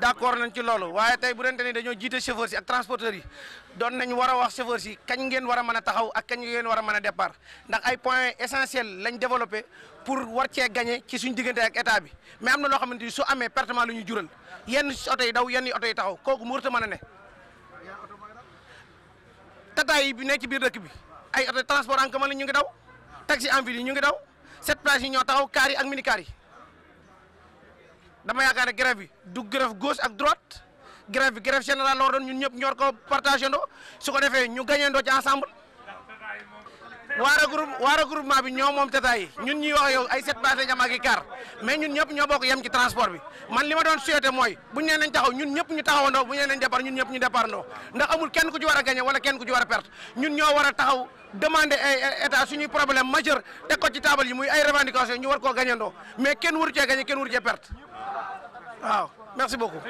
d'accord nañ ci loolu waaye tey bu dente ni dañoo jiite chauffeurs yi ak transporteurs yi doon nañ war a wax chauffeurs yi kañ geen war a mën a taxaw ak kañ ngeen war a mën a départ ndax ay points essentiels lañ développé pour war cee gagné ci suñ diggante ak état bi mais am na loo xamante ni su amee pertement lu ñu jural yenn oto yi daw yenn oto yi taxaw kooku mu warta mën a ne tataay yi bi nekk ci biir dëkk bi ay oto transport en commun ñu ngi daw taxi en ville ñu ngi daw sept places yi ñoo taxaw kaar yi ak dama yaakaar ne grève bi du grève gauche ak droite grève bi grève générale la war ñun ñëpp ñor ko partagé ndoo su ko defee ñu gañeendoo ci ensemble waa regroupe waa regroupement bi ñoo moom tata yi ñun ñuy wax yow ay set base lañ am ak i car mais ñun ñëpp ñoo bokk yem taxaw ñun ñëpp ñu taxawandoo bu ñu nee nañ départ ñun ñëpp ñu départ ndoo ndax amul kenn ku ci war a gagné wala kenn ku ci war a perte ñun ñoo war a taxaw demandé ay état suñuy problème majeur teg waaw merci beaucoup